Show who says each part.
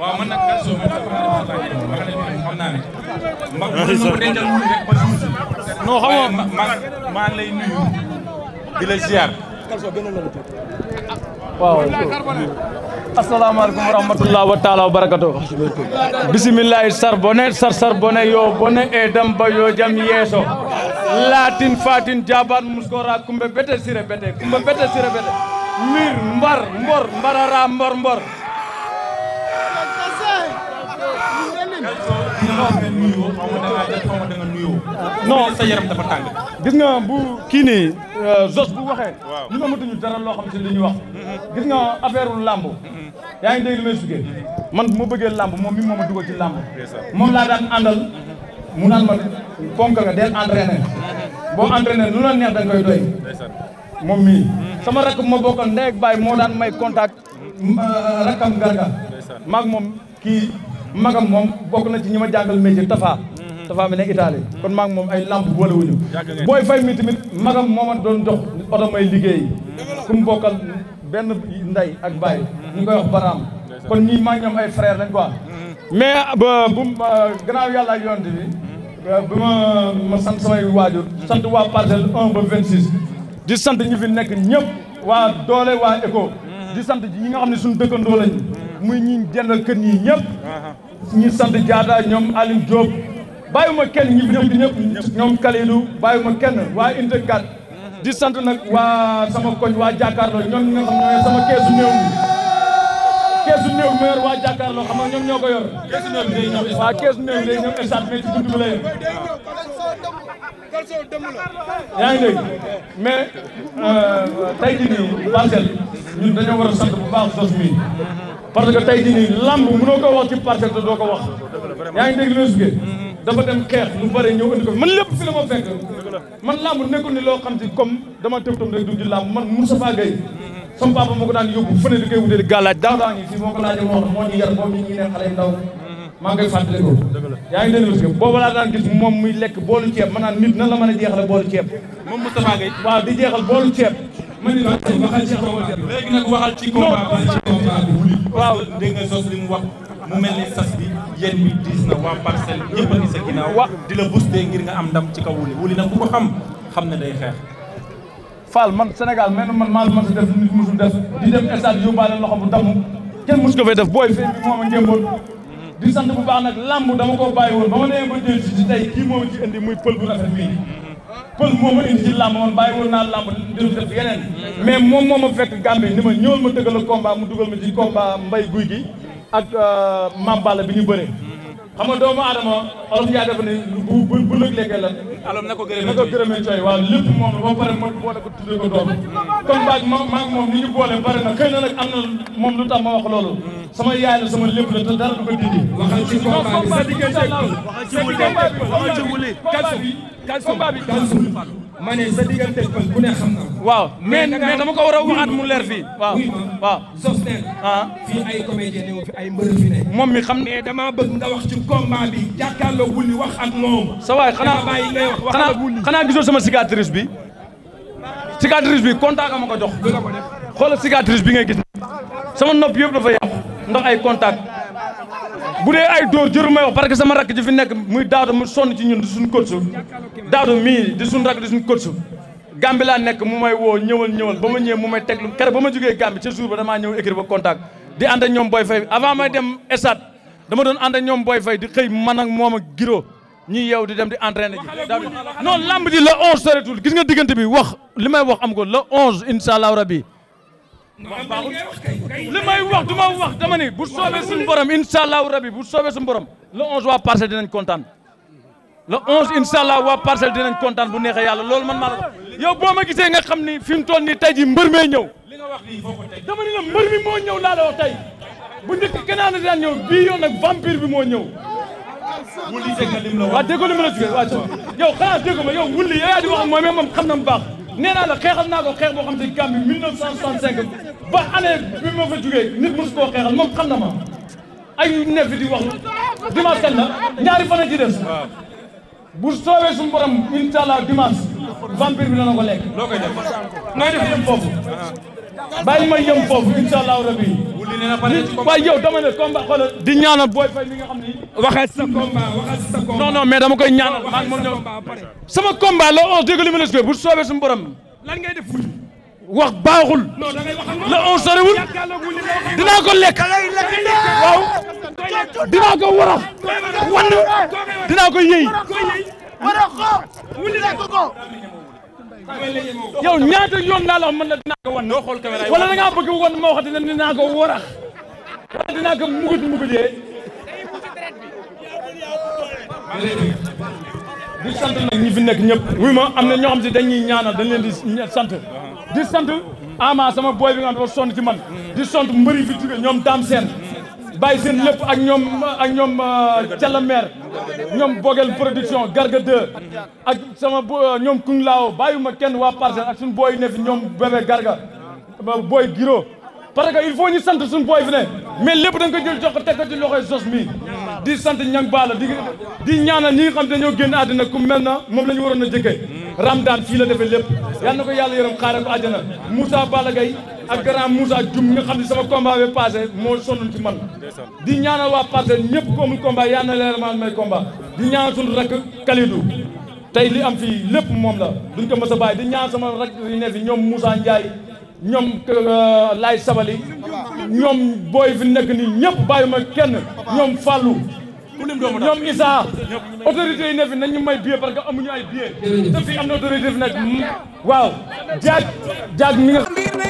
Speaker 1: waaw man nag wa taala wa barakato. bisimilahi sar bone sar sar bone yo bone e dam jam yeeso. latin fatin jaban muskora kumbe bete sire bete kumbe bete sire bete. mir mbar mbor mbarara mbor mbor. non sa yaram dafa tàng gis nga bu kii nii jos euh, bu waxee ma amatuñu dara loo xam si li ñu wax gis nga affaire u làmb yaa ngi dégg li may man bu bëggee làmb moom mi moo ma dugal ci làmb moom laa daan àndal mu naan ma ponkal nga deel entraîné boo entraîné lu la neex da nga koy moom mii sama rakk ma bokkal ndey ak baay moo daan may contact euh, rakkam garga maag moom kii magam moom bokk na ci ñi ma jàngal métier Tafa. Mhm. Tafa mi ne mhm. kon maag moom ay lamp boole wuñu booy fay mi tamit magam mooma doon jox oto may liggéey mhm. ku mu bokkal benn ndey ak baay ñu koy wax baraam kon ñii maa ñoom ay frère lañ quoi mais ah, ba bu gannaaw yàlla ak yonte bi bi ma ma sant samay waajur sant waa parcelle un ba vingt six di sant ñi fi nekk ñëpp waa doole waa éco di sant ñi nga xam ne suñu dëkkandoo lañ muy ñi jëndal kër ñi ñëpp ñi sant Diatta ñoom Aliou Diop bàyyiwuma kenn ñi fi ñëw di ñëpp ñoom Kalidou bàyyiwuma kenn waa Inte 4 di sant nag waa sama koñ waa jàkkaarloo ñoom ñi nga xam ne sama keesu néew mi keesu waa jàkkaarloo xam ñoom ñoo ko yor waa keesu néew day ñoom esat mais ci dund bi lay yaa ngi dégg mais euh, tey jii ñun dañoo war a sant bu baax dos mi parce que tey jii nii làmb mënoo ko wax ci parcelle te doo ko wax yaa ngi dégg loolu dafa dem xeex lu bëri ñëw indi ko man lépp fi la ma man làmb nekkul ni loo xam ci comme dama tëb tam rek dugg ci làmb man Moustapha Gueye sama papa moo ko daan yóbbu fëne di koy wutee di gàllaaj daaw daa ngi moo ko laajee moo moo ñu yar boobu ñu ngi xale yu ndaw maa ngi koy fàttali yaa ngi dégg loolu boobu laa daan gis moom ma ni la waxal ci combat bi léegi nag waxal nga sos li mu wax mu mel sas bi yéen na waa parcelle ñëpp a ngi di la boosté ngir nga am ndam ci kaw wuli wuli nag ku ko xam xam ne day xeex Fall man Sénégal ne na man maa man si def nit musul def di dem stade yóbbaale loxo bu damm kenn def booy fee a ngémboon di sant baax nag lamb dama koo bàyyi woon ba ma nee ba jël si tey kii moom ci indi muy pël bu rafet bii kon moo ma indi ci làmb man bàyyi woon naa làmb dem yeneen mais moom moo ma fekk Gambie ni ma ñëwal ma dëggal a combat mu dugal ma ci combat mbay guy gi ak euh, Mambala bi ñu bëre xam doomu aadama olof yaa def ne bu bu bu lëg lekkee lan. alors na ko gërëmee na ko gërëmee cooy waaw lépp moom la ba pare ko tuddee ko doom. comme baag ma maa ngi moom ni ñu boole pare na xëy na nag am na moom lu tax wax loolu. sama yaay la sama lépp la te dara du ko dindi. waxal ci bi sa diggante waxal wuli waxal bi ma ne sa diggante pël bu ne xam na ko. waaw mais mais dama war mu leer fii. waaw waaw Zoster. ah ay comédien ne fi ay mbër moom mi xam ne dama bëgg nga wax ci combat bi jàkkaarloo wulli wax ak moom. sa waay xanaa bàyyi ngay wax wax ak wulli xanaa gisoo sama cicatrice bi cicatrice bi contact ama ko jox. xoolal cicatrice bi ngay gis. sama nopp yëpp dafa yàqu ndax ay contact bu dee ay dóor jëru may wax parce que sama rakk ji fi nekk muy daado mu sonn ci ñun di suñ coach daado mii di suñ rakk di suñ coach Gàmbi laa nekk mu may woo ñëwal ñëwal ba ma ñëwee mu may teg lu kere ba ma jógee Gàmbi ca jour ba damaa ñëw écrire ba contact di ànd ak ñoom Boy Faye avant may dem stade dama doon ànd ak ñoom Boy Faye di xëy man ak moom ak giro ñuy yeew di dem di entraîné ji non lamb ji la 11 soretul gis nga diggante bi wax li may wax am ko la 11 incha allah rabi li may wax du ma wax dama ni bu soobee suñu borom incha allahu bu soobee suñu borom le 11 waa parcelle dinañ kontaan le 11 incha allah waa parcelle dinañ kontaan bu neexee yàlla loolu man maa la ko ma gisee nga xam ni fi mu toll nii tey jii mbër mee ñëw. moo ñëw laa la wax tey bu njëkk gannaaw na daan ñëw bii yoon nag vampire bi moo ñëw. wulli dégg nga lim la waaw déggoo li ma la jógee yow xanaa déggu yow wulli yow yaa di wax ak moom moom xam na mu baax nee naa la xeexal naa ko xeex xam te gàmm bi ba année bi ma fa jugee nit mësu koo xeexal moom xam na ma di wax dimanche kan la ñaari fan a ci des. bu soobee suñu borom incha allah dimanche vampire bi dana ko lekk. loo koy def may def yem foofu. Uh-huh. bàyyi ma yem foofu incha allahu rabi. wuli nee na di ñaanal booy fay nga xam ni. waxee sa combat dama koy ñaanal maa sama combat la on dégg li ma bu soobee suñu borom. lan ngay def wax baaxul la on dinaa ko lekk waaw dinaa ko warax wann dinaa ko yëy yow ñaata yoon naa la wax man la dinaa ko wan wala da ngaa bëgg wan ma wax dinaa ko warax wala dinaa ko mugut mugut yee di sant nag ñi fi nekk ñëpp wuy am na ñoo xam si dañuy ñaana dañ leen di sant di sant ama sama booy bi nga xam dafa sonn ci man di sant mbëri fi jóge ñoom daam seen bàyyi seen lépp ak ñoom ak ñoom Calla euh, Meer ñoom Bogel production Garga 2 ak sama euh, ñoom Kung Lao ma kenn waa parcelle ak suñu booy ne fi ñoom bébé Garga booy Giro parce que il faut ñu sant suñu booy fi ne mais lépp da nga ko jël jox ko teg ko ci loxoy sos mi di sant ñang baala di di ñaanal ñi nga xam dañoo génn àddina ku mel na moom la ñu waroon a jëkkee Ramdaan fii defe defee lépp yal na ko yàlla yërëm xaaral ko àjjana Moussa Balla Gaye ak grand Moussa Dioum nga xam ne sama combat bi passé moo sonn ci man di ñaanal waa Parcelles ñëpp ko amul combat yal na leermaan may combat di ñaanal suñu rakk Kalidou tey li am fi lépp moom la duñ ko mës a bàyyi di ñaan sama rakk yi ne fi ñoom Moussa Ndiaye ñoom euh, Laay Sabali ñoom booy fi nekk ni ñëpp bàyyi ma kenn ñoom Fallou ñoom Issa autorité yi ne fi nañu may billet parce que amuñu ay billet te fii am na autorité fi nekk waaw jaaj jaaj mi nga